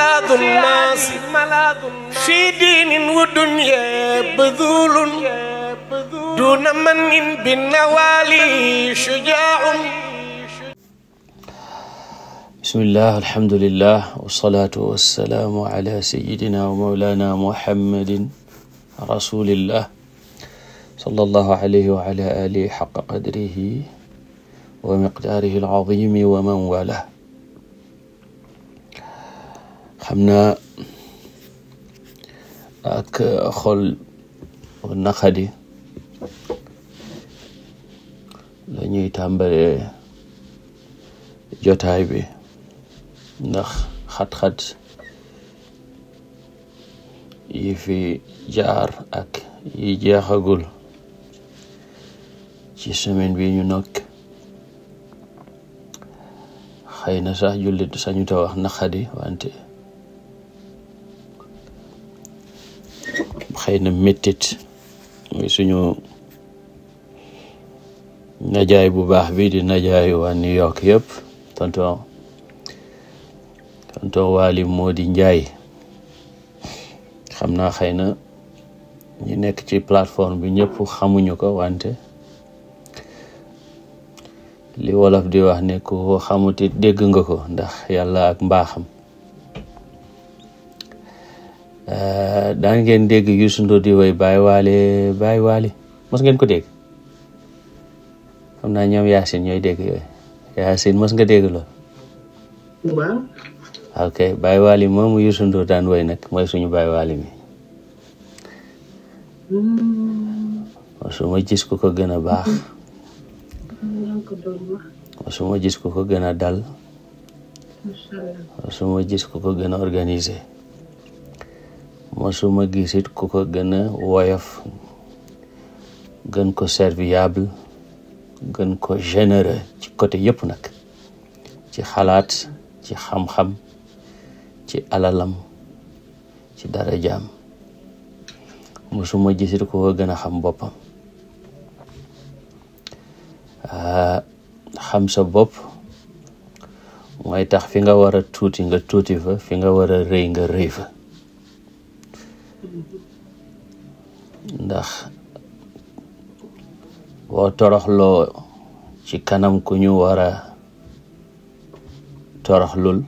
ملاذ الناس في دين ودنيا بذول دون من بالنوالي شجاع بسم الله الحمد لله والصلاة والسلام على سيدنا ومولانا محمد رسول الله صلى الله عليه وعلى آله حق قدره ومقداره العظيم ومن والاه am na ak xol naqadi la ñuy tàmbale jotaay bi ndax xat-xat yi fi jaar ak yi jeexagul ci semaine bi ñu nokk xëy na sax jullit sañu ta wax naqadi wante xëy na mettit muy suñu najaay bu baax bi di najaayu wa New York yëpp tonton tonton Waly Mody Ndiaye xam naa xëy na ñi nekk ci platform bi ñëpp xamuñu ko wante li wolof di wax ne ku xamuti dégg nga ko ndax yàlla ak mbaaxam Eh, daan ngeen dégg Youssou Ndour di woy Baye Waly Baye Waly mos ngeen ko dégg xam naa ñoom Yacine ñooy dégg yooyu Yacine mos nga dégg lool. waaw. ok Baye Waly moomu Youssou Ndour daan woy nag mooy suñu Baye Waly mi. Hmm. mosuma gis ku ko gën a baax. mosuma gis ku ko gën a dal. mosuma jis ku ko gën a organise mosuma gis it ku ko gën a woyof gën ko serviable gën ko généreux ci côté yëpp nag ci xalaat ci xam ci alalam ci darajaam mosuma gis it ku gën a xam boppam ah, xam sa bopp mooy tax fi nga war a tuuti nga tuuti fa fi nga war a rëy nga rëy fa ndax boo toroxloo ci kanam ku ñu war a toroxlul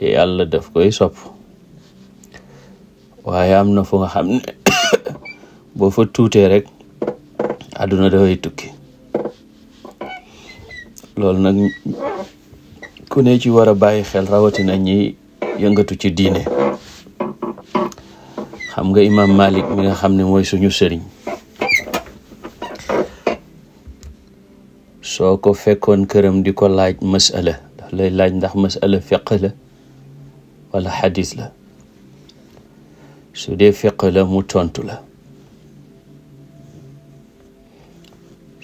yàlla def koy sopp waaye am na fu nga xam ne boo fa tuutee rek àdduna dafay tukki loolu nag ku ne ci war a bàyyi xel rawatina ñi yëngatu ci diine xam nga imaam Malik mi nga xam ne mooy suñu sëriñ soo ko fekkoon këram di ko laaj masala lay laaj ndax masala fiq la wala xadis la su dee fiq la mu tontu la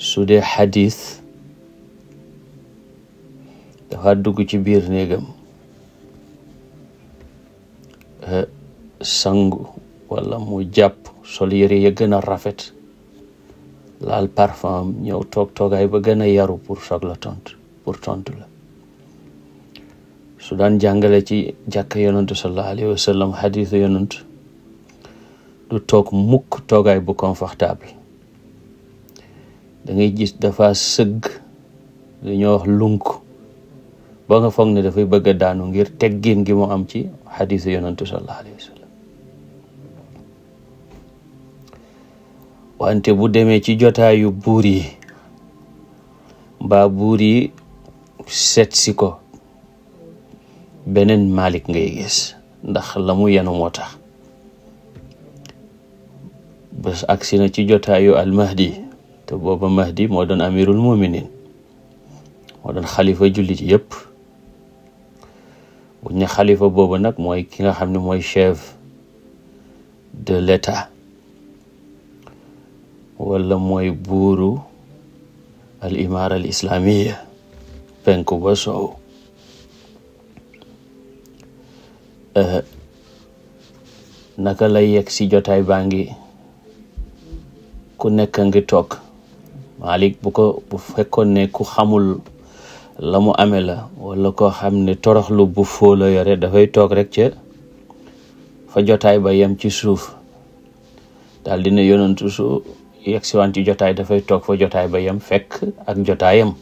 su dee xadis dafa dugg ci biir néegam eh, sangu wala mu jàpp sol yére ya gën rafet laal parfum ñëw toog toogaay ba gën a yaru pour soog la pour tontu la su daan jàngale ci jàkk yonantu sallallahu alayhi wa xadiisu yonantu du toog mukk toogaay bu confortable dangay ngay gis dafa sëgg lu ñuy wax lunk ba nga foog ne dafay bëgg a daanu ngir teggin gi mu am ci xadiisu yonantu sallallahu alayhi wa wante bu demee ci jotaayu buur yi mbaa buur yi seet si ko beneen Malick ngay gis ndax la mu yenu moo tax bés agsi na ci jotaayu al te booba mahdi moo doon amirul muminin moo doon xalifa jullit yépp buñ ne xalifa booba nag mooy ki nga xam ni mooy chef de l'état wala mooy buuru al imaara al islaamiya penku ba sow eh, naka lay yegg si jotaay baa ngi ku nekk ngi toog Malik bu ko bu fekkoon ne ku xamul la mu amee la wala koo xam ne toroxlu bu foo la yore dafay toog rekk ca fa jotaay ba yem ci suuf daal dina yonantu yegsiwaan ci jotaay dafay toog fa jotaay ba yem fekk ak jotaayam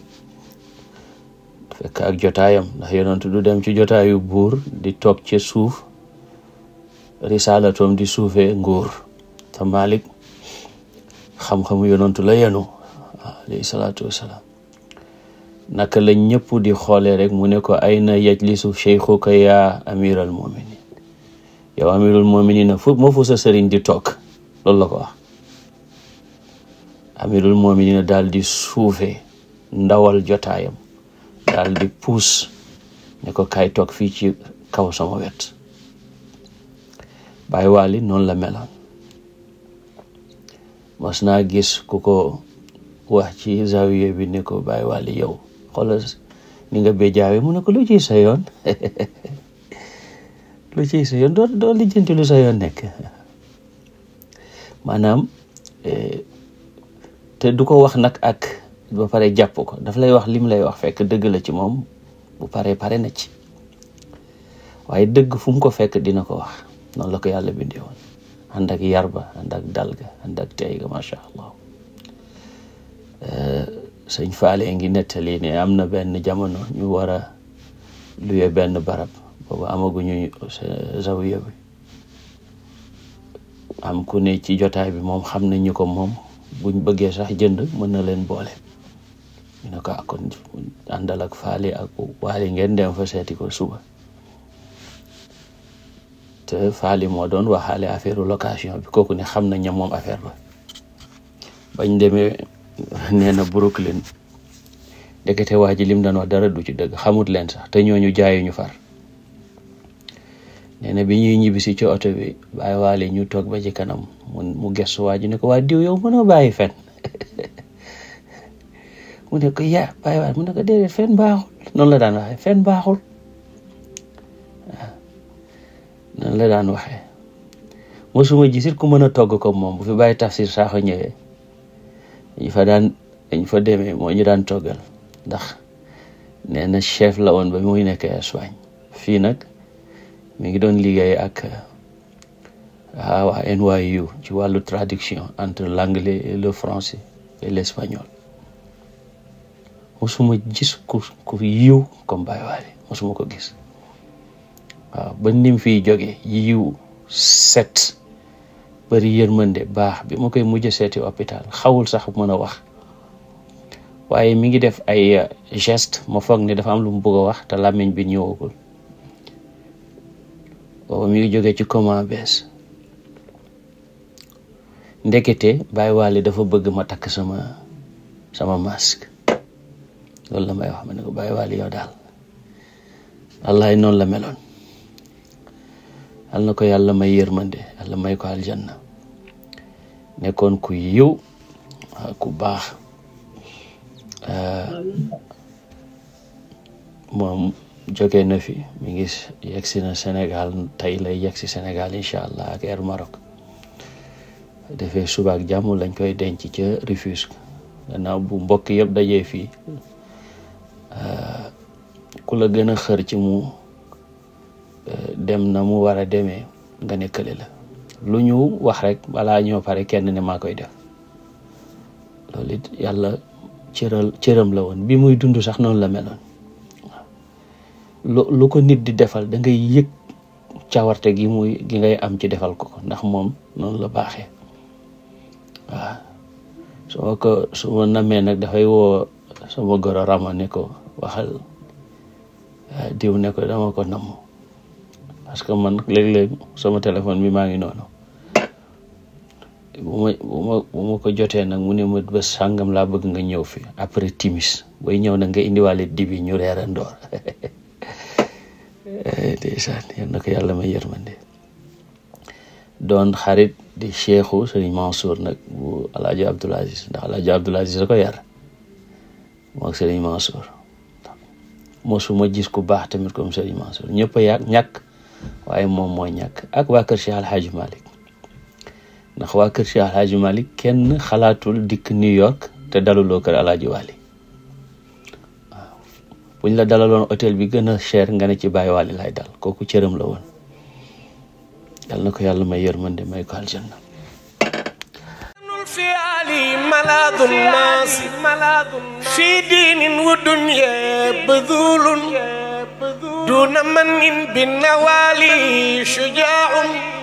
fekk ak jotaayam ndax yonentu du dem ci jotaayu buur di toog ci suuf risaalatom di suufee nguur ta Malik xam xam yonentu la yenu alayhi salaatu wasalaam naka la ñëpp di xoole rek mu ne ko ay na yajlisu cheikhuka yaa amiral muminin yow amiral muminin na fu ma fu sa sëriñ di toog loolu la ko amirul muminina daal di suufe ndawal jotaayam daal di puus ne ko kaay toog fii ci kaw sama wet Baay Waali noonu la meloon mas naa gis ku ko wax ci zawiya bi ne ko Baay Waali yow xoolal ni nga béjaawe mu ne ko lu ciy sa yoon lu ciy sa yoon doo doo lijjanti nekk maanaam eh, te du ko wax nag ak ba pare jàpp ko daf lay wax lim lay wax fekk dëgg la ci moom bu paree pare na ci waaye dëgg fum ko fekk dina ko wax noonu la ko yàlla bindee woon ànd ak yar ba ànd ak dal ga ànd ak tey allah euh, sëñ Faale ngi nettali ne am na benn jamono ñu war a luye benn barab boobu amaguñu zawiya bi am ku ne ci jotaay bi moom xam nañ ñu ko moom buñ bëggee sax jënd mën na leen boole ñu ah, kon àndal ak faali ak waali ngeen dem fa seeti ko suba te faali moo doon waxaale affaire location bi kooku ne xam na ñamoom moom affaire ba bañ demee nee na Brooklyn ndekete waa ji lim daan wax dara du ci dëgg xamut leen sax te ñooñu jaayuñu far nee bi ñuy ñibbisi ci oto bi bàyyi waale ñu toog ba ci kanam mu gestu waa ji ne ko waa diw yow mënoo bàyyi fen mu ne ko ya bàyyi waale mu ne ko déedéet fen baaxul noonu la daan waxee fen baaxul waaw la daan waxee mosuma gisit ku mën a togg comme moom bu fi bàyyi tafsir saaxo ñëwee ñu fa daan dañ fa demee moo ñu daan toggal ndax nee na chef la ba muy nekk fii nag mi ngi doon liggéey ak ah, waa NYU ci wàllu traduction entre l'anglais et le français et l'espagnol mosuma gis ku yiw comme Baye Wally mosuma ko gis waaw ba nim fiy jógee yiw set bari yërmande baax bi ma koy mujj seeti hôpital xawul sax mën a wax waaye mi ngi def ay geste ma foog ne dafa am lu mu bëgg wax te làmmiñ bi ñëwagul booba mi ngi jógee ci comment bees ndekete Baye Wally dafa bëgg ma takk sama sama masque loolu la may wax ma ne ko Baye Wally yow daal wallaay noonu la meloon al na ko yàlla may yërmande yàlla may ko aljanna nekkoon ku yiw ku baax euh, jóge na fi mi ngi yegsi na Sénégal tey lay yegsi Sénégal incha allah ak Air marok defee suba ak jàmm lañ koy denc ca Rufisque gannaaw bu mbokk yëpp dajee fii euh, ku la gën a xër ci mu euh, dem na mu war a demee nga ne la lu ñu wax rek balaa ñoo pare kenn ne maa koy def loolu it yàlla cëral cëram la woon bi muy dund sax noonu la meloon lu lu ko nit di defal dangay ngay yëg cawarte gi muy gi ngay am ci defal ko ndax moom noonu la baaxe waaw su ma ko su namee nag dafay woo sama goro rama ne ko waxal diw ne ko dama ko namm parce que man léeg-léeg sama téléphone bi maa ngi noonu bu ma bu ma ko jotee nag mu ne ma ba sàngam laa bëgg nga ñëw fi après timis booy ñëw nag nga indiwaale dibi ñu reerandoor Eh, ndeysaan yal na ko yàlla may yërmande doon xarit di cheikhu sëriñ Mansour nag bu alaaji Abdul Aziz ndax alaaji Abdul Aziz da ko yar mook sëriñ Mansour mosuma gis ku baax tamit comme sëriñ Mansour ñëpp a yàgg ñàkk waaye moom mooy ñàkk ak waa kër Cheikh Alhaaji Malick ndax waa kër Cheikh Alhaaji Malick kenn xalaatul dikk New York te daluloo kër alaaji Wali bu ñu la dalaloon hôtel bi gën a nga ne ci bàyyiwaale lay dal kooku cëram la woon yàlla na ko yàlla may yërmande may ko aljanna ملاذ الناس في دين ودنيا بذول دون من بالنوالي شجاع